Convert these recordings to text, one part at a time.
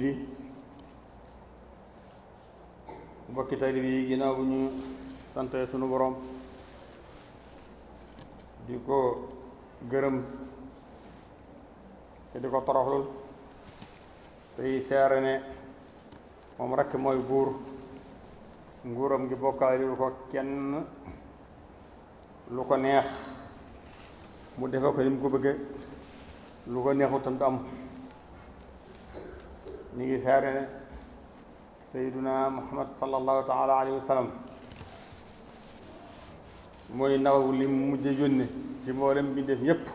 julli mbokki tali bi ginnaaw bu ñu sant sunu borom di ko gërëm te di ko toroxlul tey seere ne moom rekk mooy buur nguuram gi bokkaaliwu ko kenn lu ko neex mu defe ko ni mu ko bëgge lu ko neexu am ñu ngi seere ne sayduna muhammad sallallahu taala alayhi wa mooy ndaw li mujj yónne ci mboolem mbindeef yépp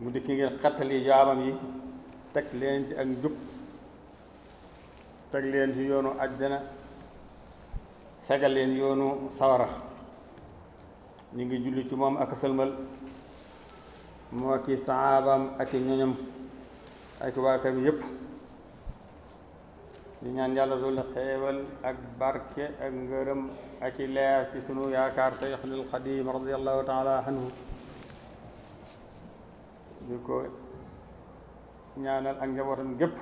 mu dikk ngeen xattali jaamam yi teg leen ci ak teg leen ci yoonu àjjana sagal leen yoonu sawara ñu ngi julli ci moom ak sëlmal moo ki saxaabam ak i ñoñam ak waa kër yëpp di ñaan yàlla doolu xeewal ak barke ak ngërëm ak i leer ci sunu yaakaar Seyxul Xadiim radiyallahu taala anhu di ko ñaanal ak njabootam gépp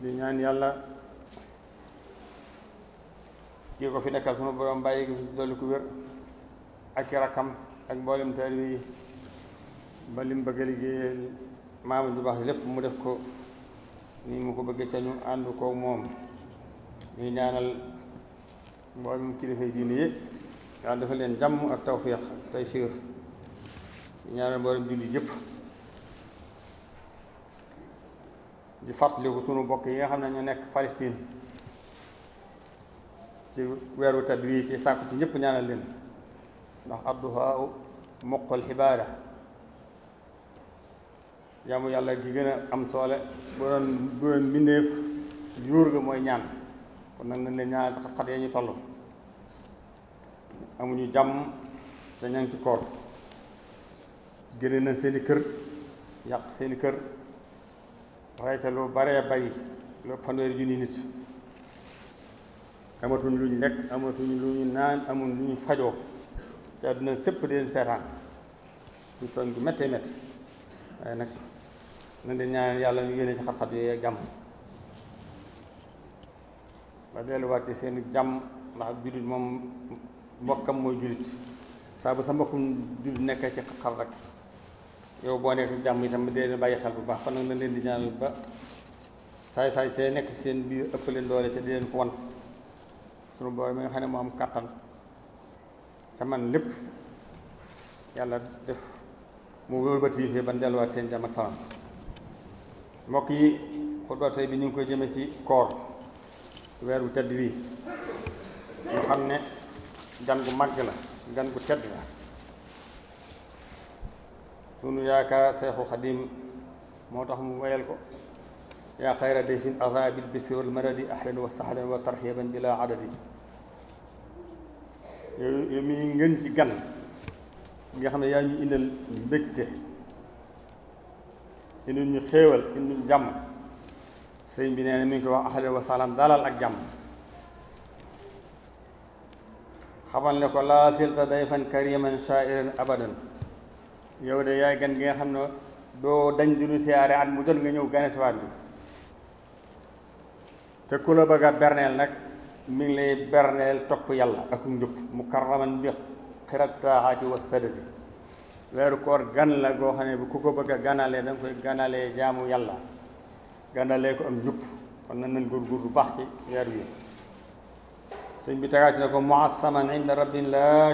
di ñaan yàlla kii ko fi nekkal sunu borom bàyyi gi fi dolli wér ak i rakkam ak mboolem taalibe ba lim bëgg a liggéeyal maamam baax lépp mu def ko ni mu ko bëggee ca ñu ànd ko moom ñuy ñaanal mboolem kilifa yi diine yëpp yàlla dafa leen jàmm ak tawféex tey siir ñu ñaanal mboolem yépp yëpp di fàttaliku sunu mbokk yi nga xam ne ñu nekk Palestine ci weeru tat wi ci sàkku ci ñëpp ñaanal leen ndax adduhaa muqal xibaara jaamu yàlla gi gën a am soole bu doon bu doon mbindeef yuur ga mooy ñaan kon nag nañ ne ñaan xat-xat ya ñu toll amuñu jàmm te ña ci koor génne nañ seeni kër yàq seeni kër rayte lu bare bari lu fanweeri junni nit amatuñ lu ñu lekk amatuñ lu ñu naan amuñ lu ñu fajoo te àdduna sépp di leen seetaan ñu tooñ gu méttee métti waaye nag na leen ñaanal yàlla ñu yéene ci xat-xat yooyu ak jàmm ba delluwaat ci seen jàmm ndax jullit moom mbokkam mooy jullit saa bu sa mbokkum jullit nekkee ci xat-xat rek yow boo nekk jàmm itam dee leen bàyyi xel bu baax kon nag nañ leen di ñaanal ba saay saay see nekk ci seen biir ëpp leen doole ci di leen ko wan sunu booy mi nga xam ne moo am kàttan sa man lépp yàlla def mu wëlbati yi fii ban delluwaat seen jàmm ak salaam mbokk yi xutba tey bi ñu ngi koy jëme ci koor weer bu tedd wi ñu xam ne gan gu màgg la gan gu tedd la sunu yaakaar seexu xadim moo tax mu woyal ko yaa xayra dayfin ataa bil bisri wal maradi ahlan wa sahlan wa tarxiban bila adadi yow mi ngeen ci gan nga xam ne yaa ñu indal mbégte indil ñu xéewal indil jàmm sëriñ bi nee na mi ngi koy wax ahlan wa salaam dalal ak jàmm xamal ne ko laa silta dayfan kariman shairan abadan yow de yaay gan gi nga xam ne doo dañ dinu siyaare at mu jot nga ñëw gane si waat bi te ku la bëgg berneel nag mu ngi lay berneel topp yàlla ak njub mukarraman bi xirat taaxaati wa sadati weeru koor gan la goo xam ne bu ku ko bëgg a ganalee da koy ganalee jaamu yàlla ganalee ko am njub kon na nan góorgóor bu baax ci weer wi sëñ bi tagaat ne ko muassaman inda rabbin la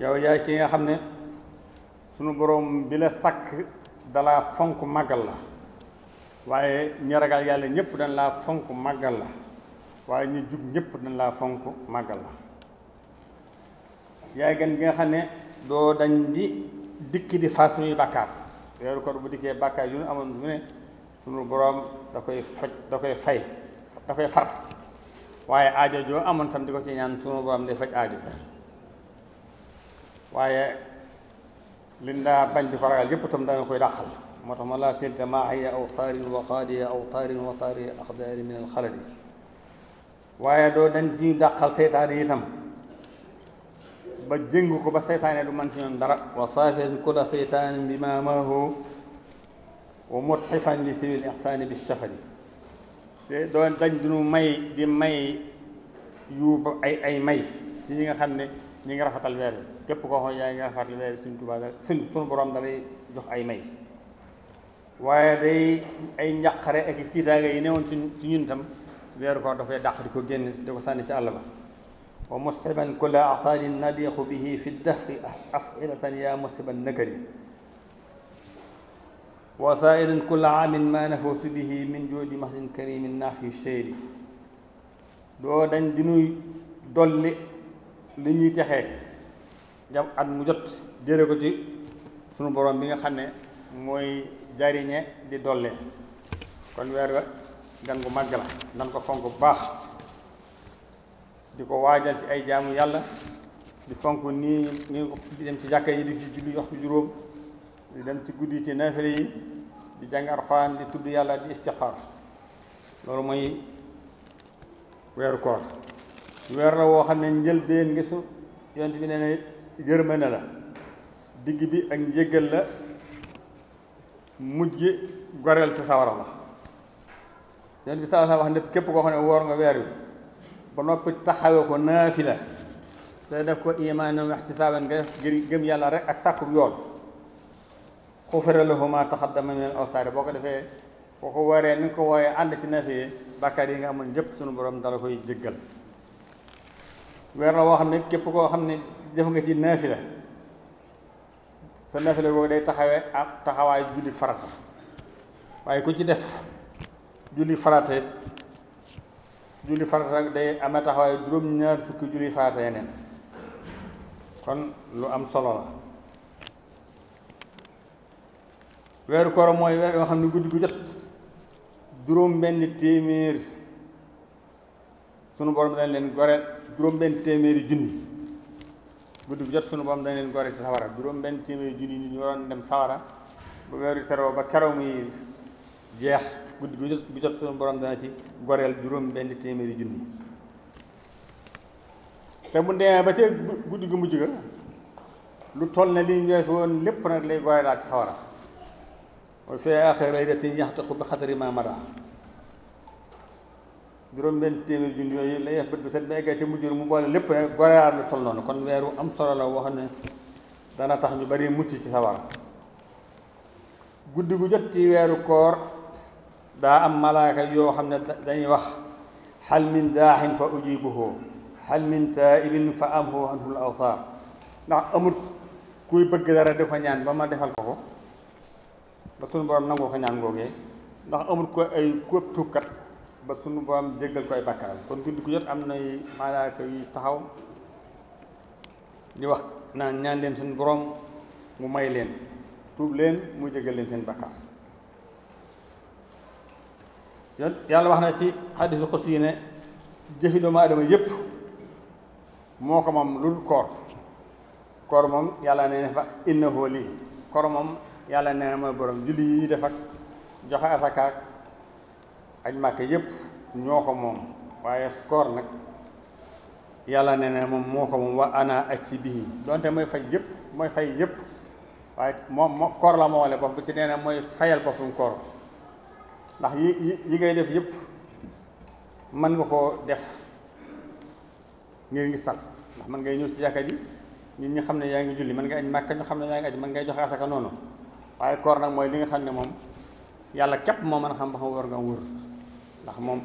yow yaay ki nga xam ne sunu boroom bi la fonk màggal la waaye ñaragal yàlla ñépp dañ laa fonk màggal la waaye ñu jub ñépp dañ laa fonk màggal la yaay gan gi nga xam ne doo dañ di dikk di fas suñuy bàkkaar weeru koor bu dikkee bàkkaar yu ñu amoon mu ne suñu boroom da koy faj da koy fay da koy far waaye aajo joo amoon tam di ko ci ñaan suñu boroom day faj aajo ja waaye lin daa bañ di yëpp tam danga koy dàqal moo tax ma laa silta maa hayya aw saarin wa qaadiya aw taarin wa taari aqdaari min alxaladi waaye doo dañ ci ñu dàqal seytaane itam ba jëng ko ba seytaane du man ci ñoom dara wa saafin kula seytaan bi ma maahu wa mutxifan si sibil ihsaani bi shafali te doo dañ duñu may di may yu ay ay may ci ñi nga xam ne ñi nga rafetal weer bi képp koo xam yaa ngi rafetal weer bi suñ tubaa dara suñ suñu borom dalay jox ay may waaye day ay njàqare ak tiitaange yi newoon ci ñun tam weeru koor da koy dàq di ko génn di ko sànni ci àll ba wa musxiban kulla asarin nadiqu bihi fi dahri asiratan ya musxiban nakari wa sairan kulla amin ma nafuusu bihi min jooji mahdin karimin naafi seydi doo dañ diñuy dolli li ñuy texee jam at mu jot jëre ko ci sunu borom bi nga xam ne mooy jariñe di dolle kon weer wa gan gu màgg la nan ko fonk bu baax di ko waajal ci ay jaamu yàlla di fonk nii ngi di dem ci jàkka yi di ci julli waxtu juróom di dem ci guddi ci naafile yi di jàng Alxuraan di tudd yàlla di istixaar loolu mooy weeru koor weer la woo xam ne njëlbeen ngisu yonent bi nee na la digg bi ak njëggal la mujj gi goreel ci sawara la Yonent bi sallallaahu alayhi wax ne képp koo xam ne woor nga weer wi ba noppi taxawee ko naafila te def ko imaanan ci ihtisaaban nga ngir gëm yàlla rek ak sàkku yool xufira lahu maa taqaddama min al-awsaari boo ko defee boo ko waree ni nga ko waree ànd ci naafila yi bàkkaar yi nga amoon yëpp suñu boroom dala koy jéggal weer la woo xam ne képp koo xam ne def nga ci la sa naafila boobu day taxawee ak taxawaay julli farata waaye ku ci def julli farata julli farata day amee taxawaayu juróom-ñaar fukki julli farata yeneen kon lu am solo la weeru koor mooy weer yoo xam ne guddi gu jot juróom benn téeméer sunu borom dañ leen gore juróom benn téeméeri junni guddi gu jot sunu borom dañ leen gore ci sawara juróom benn téeméeri junni nit ñu waroon dem sawara bu weeru teroo ba keroog muy jeex guddi gu jot suñu borom dana ci goreel juróom benn téeméeri junni te bu demee ba ca guddi gu mujj ga lu toll ne liñ ñu wees woon lépp nag lay goreelaat ci sawara wa fi aaxiri laylatin yaxtaqu bi xadri ma mada juróom benn téeméeri junni yooyu lay def bët bi set ba eggee ca mujj mu boole lépp nag goreelaat lu toll noonu kon weeru am solo la wax ne dana tax ñu bari mucc ci sawara guddi gu jot ci weeru koor daa am malaaka yoo xam ne dañuy wax xalmin min daaxin fa ujibuhu xal min taibin fa amhu anhul awsaar ndax amut kuy bëgg dara di ko ñaan ba ma defal ko ko ba sunu borom nangu ko ñaan googee ndax amut ko ay ku tuubkat ba sunu borom jéggal ko ay bàkkaaram kon guddi gu jot am nay malaaka yuy taxaw di wax naan ñaan leen seen borom mu may leen tuub leen mu jéggal leen seen bàkkaar yoon yàlla wax na ci xaddisu xus yi ne jëfi doomu aadama yépp moo ko moom lul koor koor moom yàlla nee na fa innahu lii koor moom yàlla nee na mooy borom julli yi def ak joxe asakaak aj ñoo ko moom waaye koor nag yàlla nee na moom moo ko moom wax ana aj si bii donte mooy fay yépp mooy fay yépp waaye moom koor la moole bopp bi ci nee na mooy fayal boppam koor ndax yi yi ngay def yëpp mën nga koo def ngir ngi sal ndax mën ngay ñëw ci jàkka ji nit ñi xam ne yaa ngi julli mën ngay aj màkka ñu xam ne yaa ngi aj mën ngay joxe asaka noonu waaye koor nag mooy li nga xam ne moom yàlla képp moo mën a xam ba xam war nga ndax moom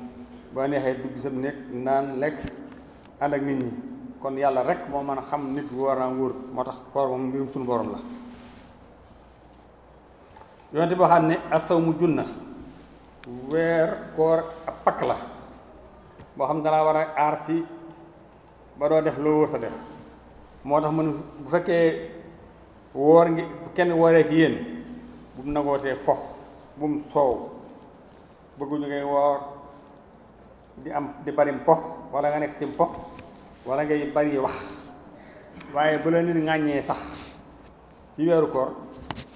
boo neexee dugg sam nekk naan lekk ànd nit ñi kon yàlla rek moo mën a xam nit war naa moo tax koor moom mbirum suñu borom la yonte boo xam ne asaw mu junna weer koor ab pakk la moo xam ne dalaa war a aar ci ba doo def loo wërta def moo tax mu ne bu fekkee woor ngi kenn wooree ci yéen bu mu nagootee fox bu mu soow bëgguñu ngay woor di am di bari mpox walla nga nekk ci mpox wala ngay bari wax waaye bu la nit ŋàññee sax ci weeru koor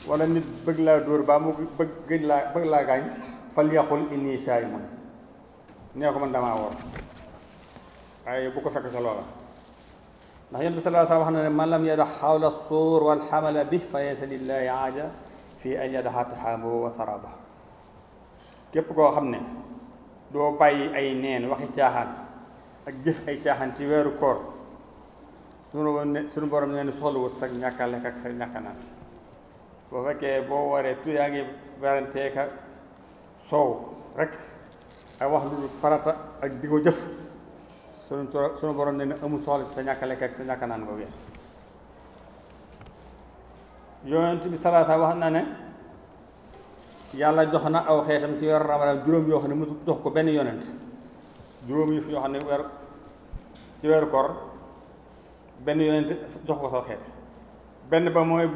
wala nit bëgg laa dóor baa mu bëgg gëñ laa bëgg laa gaañ fal yaqul inni saa'imun nee ko man damaa woor waaye bu ko fekk ca loola ndax yonent bi sallallahu alayhi wa sallam ne man lam yada xawla suur wal xamala bi fa laysa lillaahi aaja fii an yadaha taxaamu wa saraba képp koo xam ne doo bàyyi ay neen waxi caaxaan ak jëf ay caaxaan ci weeru koor sunu sunu borom nee na soxlawut sa ñàkk lekk ak sa ñàkk a naan fekkee boo waree tu yaa ngi werantee soow rek ay wax lu farata ak di jëf sunu sunu borom ne ne amul soxla ci sa ñàkk lekk ak sa ñàkk naan googee yonent bi salaasa wax na ne yàlla jox na aw xeetam ci yor ramadaan juróom ne mosu jox ko benn yonent juróom yoo xam ne ci weeru kor benn yonent jox ko saw xeet benn ba mooy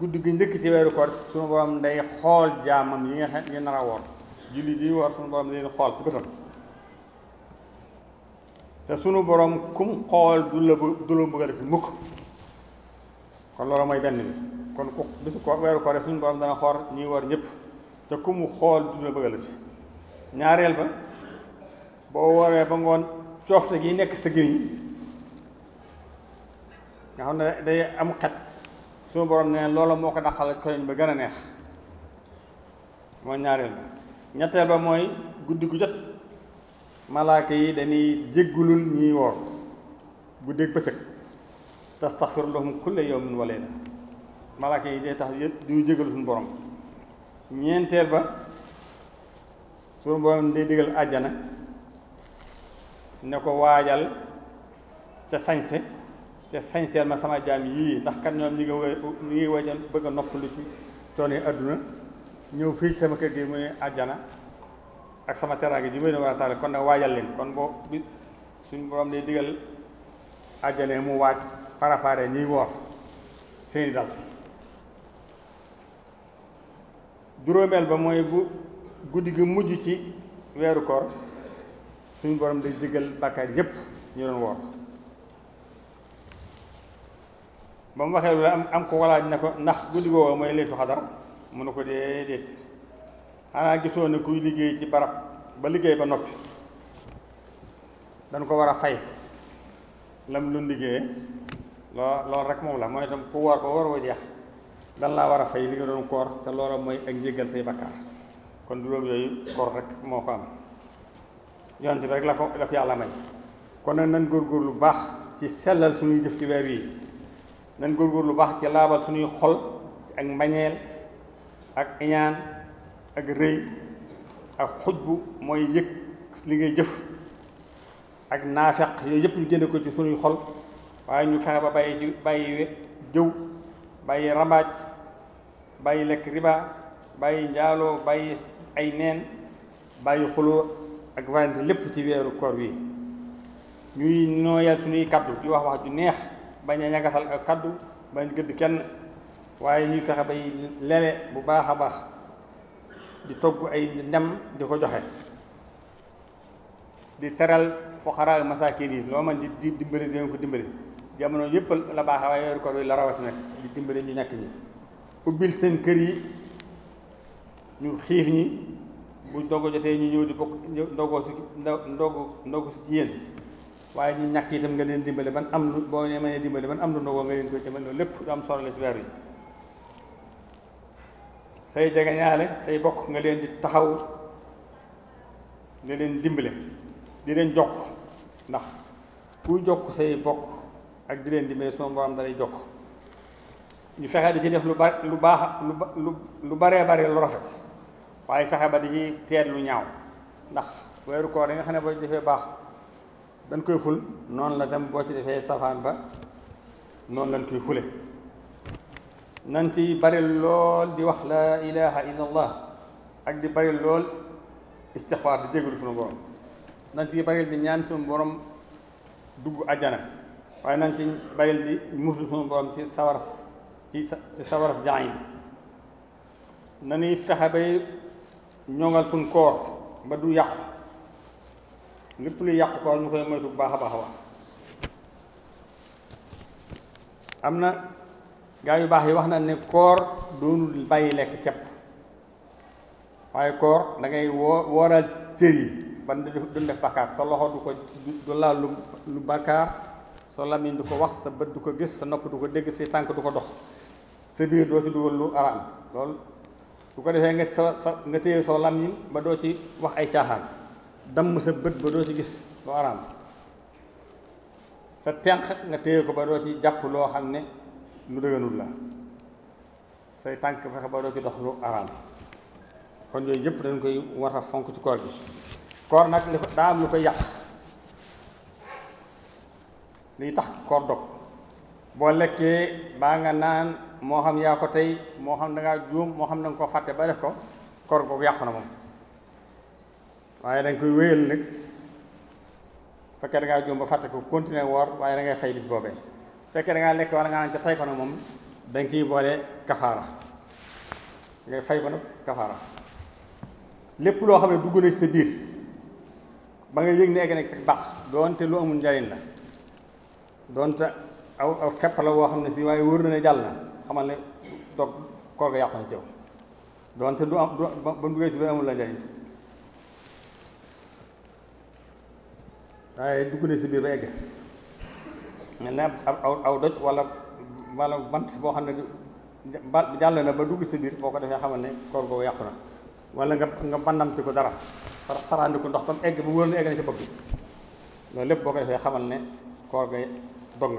guddi gi njëkk ci weeru koor sunu borom day xool jaamam yi nga xam yi nar jullit yi war sunu borom leen xool ci bëtam te sunu borom kum xool du la du la bëgg a def mukk kon loolu mooy benn bi kon ku bisu ko weeru koor sunu borom dana xoor ñuy war ñëpp te kumu xool du la bëgg a def ñaareel ba boo waree ba ngoon coofte gi nekk sa gëriñ nga xam ne day am xet sunu borom ne loola moo ko daqal koñ ba gën a neex mooy ñaareel ba ñetteel ba mooy guddi gu jot malaaka yi dañuy jéggulul ñuy woor guddeeg bëccëg tastaxfir lahum kulla yawmin wa layla malaaka yi day tax yëpp duñu jégalu suñu borom ñeenteel ba suñu borom day digal àjjana ne ko waajal ca sañse te sañseel ma sama jaam yii ndax kat ñoom ñi ngi ñi ngi wajan bëgg a noppalu ci coono yi àdduna ñëw fii sama kër gi muy àjjana ak sama teraange ji may ne war a taale kon nag waajal leen kon boo bi suñ borom day digal àjjane mu waaj parapare ñiy woor seeni dal juróomeel ba mooy bu guddi gi mujj ci weeru koor suñu borom day jéggal bàkkaar yépp ñu doon woor ba mu waxee lu am am ko walaaj ne ko ndax guddi googu mooy laytu xadar mu ne ko déedéet xanaa gisoo ne kuy liggéey ci barab ba liggéey ba noppi dañ ko war a fay lam lu liggéeye loo lool rek moom la mooy itam ku woor ba woor wa jeex dan laa war a fay li nga doon koor te loola mooy ak njéggal say bakkaar kon juróom yooyu koor rek moo ko am yonte bi rek la ko la ko yàlla may kon nag nan góor lu baax ci sellal suñuy jëf ci weer yi nan góor lu baax ci laabal suñuy xol ak mbañeel ak iñaan ak rëy ak xujbu mooy yëg li ngay jëf ak naafeq yooyu yëpp ñu génne ko ci suñuy xol waaye ñu fexe ba bàyyi ci bàyyi jëw bàyyi rambaaj bàyyi lekk riba bàyyi njaaloo bàyyi ay neen bàyyi xuloo ak warante lépp ci weeru koor wi ñuy nooyal suñuy kaddu di wax wax ju neex bañ a ñagasal ak kaddu bañ gëdd kenn waaye ñuy fexe bay lele bu baax a baax di togg ay ndem di ko joxe di teral fuqaraa masaakin yi loo man di di dimbali dinañ ko dimbali jamono yëpp la baax waaye weeru koor bi la rawati nag di dimbali ñu ñàkk ñi ubbil seen kër yi ñu xiif ñi bu ndogu jotee ñu ñëw di bokk ndogoo si si ci yéen waaye ñu ñàkk itam nga leen dimbali ban am lu boo ne mënee dimbali ban am lu ndogoo nga leen koy demal loolu lépp du am solo yi say jegeñaale say bokk nga leen di taxaw nga leen dimbale di leen jokk ndax kuy jokk say bokk ak di leen dimbale suma borom dalay jokk ñu fexe di ci def lu ba lu baax lu lu baree bare lu rafet waaye fexe ba di ci teet lu ñaaw ndax weeru koo yi xam ne boo ci defee baax dan koy ful noonu la tam boo ci defee safaan ba noonu lañ koy fule nan ci bari lool di wax laa ilaha illallah ak di bari lool istixfaar di jégalu sunu borom nan ci bari di ñaan sunu borom dugg ajjana waaye nan ci bari di muslu sunu sawar ci na ñuy fexe bay ñoŋal sunu koor ba du yàqu lépp lu yàqu koor ñu koy moytu bu baax a baax a am na. gaa yu baax yi wax na ne koor doonul bàyyi lekk kepp waaye koor dangay ngay woo wooral cër yi ban du def bakkaar sa loxo du ko du laal lu lu bakkaar sa lamiñ du ko wax sa bët du ko gis sa nopp du ko dégg sa tànk du ko dox sa biir doo ci dugal lu araam loolu bu ko defee nga sa sa nga téye soo lamiñ ba doo ci wax ay caaxaan damm sa bët ba doo ci gis lu araam sa tenq nga téye ko ba doo ci jàpp loo xam ne lu dëgënul la say tànk fexe ba doo ci dox lu araam kon yooyu yëpp dañ koy war a fonk ci koor gi koor nag li daa am lu koy yàq liy tax koor dog boo lekkee baa nga naan moo xam yaa ko tey moo xam da ngaa juum moo xam da nga ko fàtte ba def ko koor googu yàqu na moom waaye da koy wéyal nag fekkee da juum ba fàtte ko continuer woor waaye da ngay fay bis boobee fekkee da lekk wala nga naan ca tey ko na moom da nga ciy boole kafaara nga fay ko nag kafaara lépp loo xam ne dugg na ci sa biir ba nga yëg ne egg nag ci baax doonte lu amul njariñ la doonte aw la woo xam ne si waaye wóor na ne jàll na xamal ne toog ci yow doonte ba amul la njariñ waaye dugg na ci biir ba egg mel ne aw aw doj wala wala bant boo xam ne ba jàll na ba dugg sa biir boo ko defee xamal ne koor googu yàqu na wala nga nga bandamti ko dara sara saraandi ko ndox ba mu egg ba wóor na loolu lépp boo ko defee xamal ne koor gay dog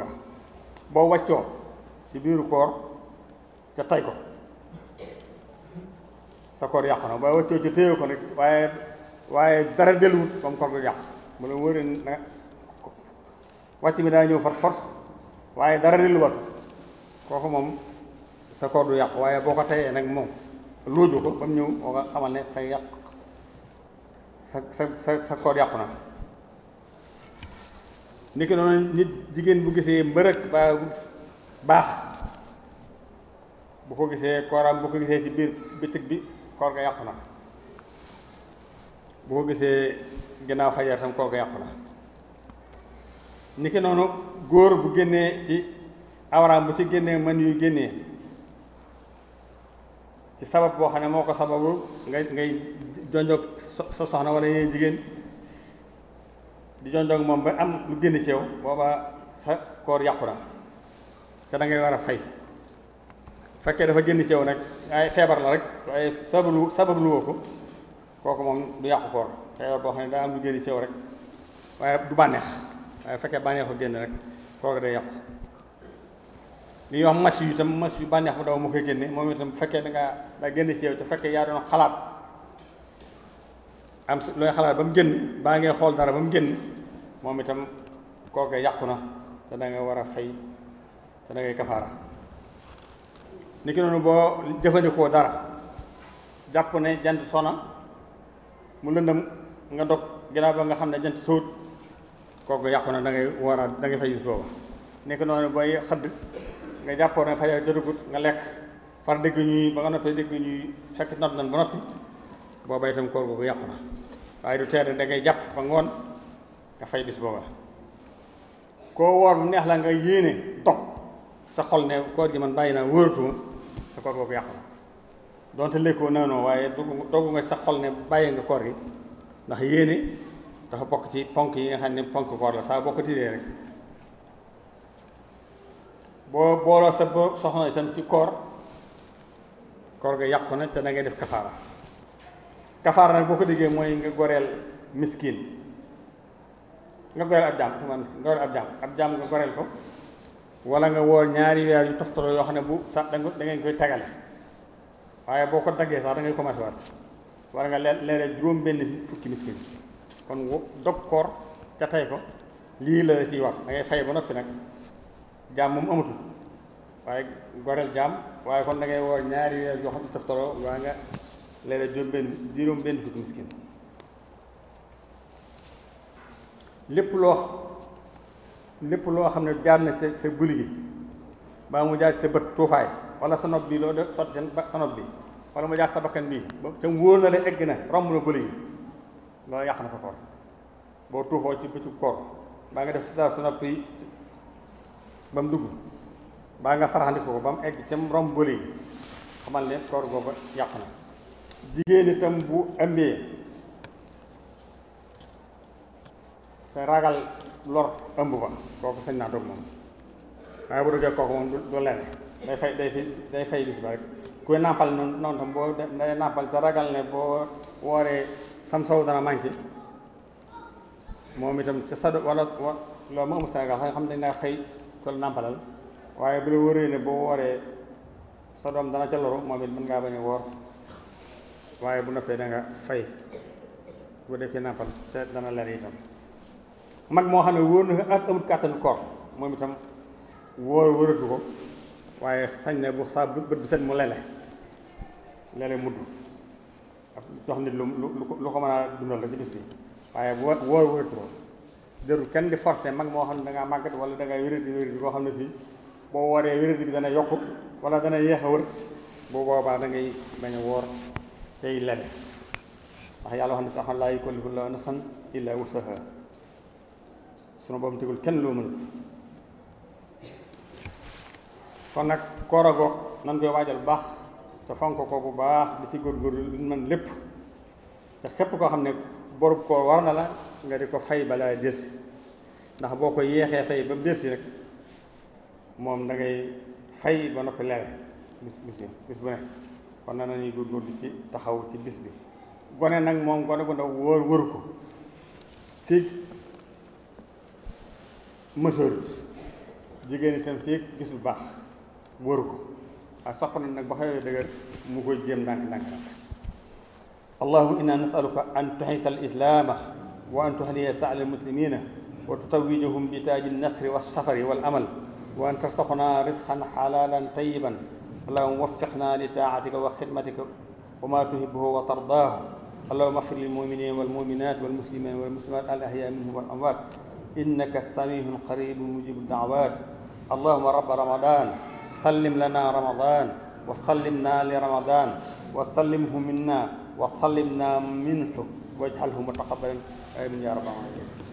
wàccoo ci biiru koor ca tay ko sa koor yàqu na boo wàccoo ci téye ko nag waaye waaye dara delluwut comme koor gu yàq mu la wóoree na wàcc mi daa ñëw far force waaye dara delluwatu kooku moom sa koor du yàqu waaye boo ko tayee nag moom looju ko ba ñëw boo ko xamal ne sa yàq sa sa sa sa koor yàqu na ni ki noonu nit jigéen bu gisee mbërëg ba baax bu ko gisee kooram bu ko gisee ci biir bitig bi koor ga yàqu na bu ko gisee ginnaaw fajar sam koor ga yàqu na niki noonu góor bu génnee ci awraam bu ci génnee mën yu génnee ci sabab boo xam ne moo ko sababu ngay ngay jonjoog sa soxna wala yeneen jigéen di jonjoog moom ba am lu génn ci yow booba sa koor yàqu na te dangay war a fay fekkee dafa génn ci nag ay feebar la rek waaye sabablu sabablu woo ko kooku moom du yàqu koor feebar boo xam ne daa am lu génn ci rek waaye du bànneex waaye fekkee bànneex fa génn rek kooku day yàqu li ñuy wax mas yu itam mas yu bànneex bu daw mu koy génne moom itam bu fekkee dangaa ngaa da génn ci yow te fekkee yaa doon xalaat am looy xalaat ba mu génn baa ngay xool dara ba mu génn moom itam kooku yàqu na te da war a fay te da ngay kafaara ni ki noonu boo jëfandikoo dara jàpp ne jant sona mu lëndam nga dog ginnaaw ba nga xam ne jant sóot kooku yàqu na da ngay war a da ngay fay bis boobu nekk noonu booy xëdd nga jàppoon ne fajar jotagut nga lekk far dégg ñuy ba nga noppee dégg ñuy fekk nopp nan ba noppi booba itam koor googu yàqu na waaye du teer da ngay jàpp ba ngoon nga fay bis booba koo woor bu neex la nga yéene dog sa xol ne koor gi man bàyyi naa wóoratuma sa koor googu yàqu na donte lekkoo naanoo waaye doggu dogu nga sa xol ne bàyyi nga koor gi ndax yéene dafa bokk ci ponk yi nga xam ne ponk koor la saa boo ko tiiree rek boo booloo sa bo soxna itam ci koor koor ga yàqu na te da def kafaara kafaara nag boo ko déggee mooy nga goreel miskin nga goreel ab jaam sama miskin nga goreel ab jaam ab nga goreel ko wala nga woor ñaari weer yu toftaloo yoo xam ne bu sax da ngeen koy tagale waaye boo ko daggee sax da ngay commencé waat wala nga leere juróom benn fukki miskin kon dog koor ca tey ko lii la ciy war da ngay fay ba noppi nag jaam moom amatul waaye waaye kon da ngay ñaari weer yoo xam ne nga leera juróom benn juróom benn miskin lépp loo lépp loo xam ne jaar na sa sa guli gi baa mu jaar sa bët tuufaay wala sa nopp bi loo de sotti sa nopp bi wala mu jaar sa bakkan bi ba ca wóor na la egg na romb na guli gi loolu yàq na sa koor boo tuuxoo ci bëccëg koor baa nga def si dara su nopp yi ba mu dugg baa nga saraxandiku ko ba mu egg ca mu romb bële yi xamal ne koor googu yàq na jigéen bu ëmbee te ragal lor ëmb ba kooku sañ naa dog moom waaye bu duggee kooku moom du lenn day fay day fi day fay bis ba rek kuy nàmpal noonu noonu tam boo day nàmpal te ragal ne boo wooree sam sow dana manqué moom itam ca sado wala loolu mu amul Sénégal sax nga xam dañ daa xëy ko la nàmpalal waaye bu la wóoree ne boo wooree sa doom dana ca loru moom it mën ngaa bu noppee da nga fay bu defee nàmpal te dana leer itam mag moo xam ne wóor na ak amul kàttanu koor moom itam wóor wóoratu ko waaye sañ na bu saa bët bi set mu lele lele mudd jox nit lu lu ko mën a dundal rek ci bis bi waaye bu woor wéritoo jarul kenn di forcé mag moo xam ne da ngaa màggat wala da ngaa wérati wérati koo xam ne si boo wooree wérati bi dana yokku wala dana yéex a wër bu boobaa da ngay bañ a woor cay lene ndax yàlla wax ne taxam laa yukallifu llaahu nafsan illaa wusaha sunu boom tegul kenn loo mënut kon nag koor nan koy waajal baax te fonk ko bu baax di ci góorgóorlu lu mën lépp te képp koo xam ne borub koo war na la nga di ko fay balaa delsi ndax boo ko yéexee fay ba mu delsi rek moom da ngay fay ba noppi leere bis bis bi bis bu ne kon na nañuy góorgóorlu ci taxaw ci bis bi gone nag moom gone gu ndaw wóor wëru ko fiig mësoorut jigéen itam fiig gis bu baax wëru ko ak sapp na nag ba xëyee dëgër mu koy jéem ndànk-ndànk nag allahuma inna nasaluka an tuxisa al islaama wa an tuhliya saal almuslimina wa tutawijahum bi taaji nasri wa safari wal amal wa an tarsaxna risqan xalaalan tayiban allahuma waffiqna li taatika wa xidmatika wa ma tuhibuhu wa tardaahu allahuma afir lil muminina wal muminat wal muslimin wal muslimat al ahyaa minhum wal amwaat innaka samihun qaribun mujibu daawaat allahuma rabba ramadan sallim lana ramadan wa sallimna li ramadan wa sallimhu minna wa sallimna minhu waj'alhu mutaqabbalan amin ya rabbal alamin